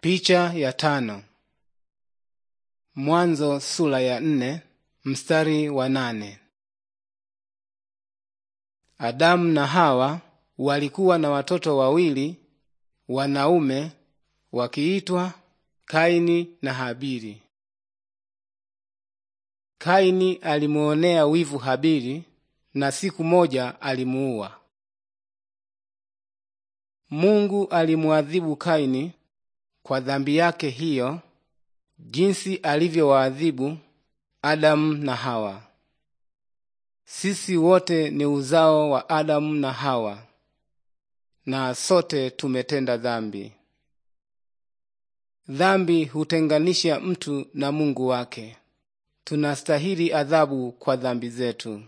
Picha ya tano. Mwanzo sura ya nne, mstari wa nane. Adamu na Hawa walikuwa na watoto wawili wanaume wakiitwa Kaini na Habili. Kaini alimuonea wivu Habili na siku moja alimuua. Mungu alimwadhibu Kaini kwa dhambi yake hiyo, jinsi alivyowaadhibu Adamu na Hawa. Sisi wote ni uzao wa Adamu na Hawa, na sote tumetenda dhambi. Dhambi hutenganisha mtu na Mungu wake. Tunastahili adhabu kwa dhambi zetu.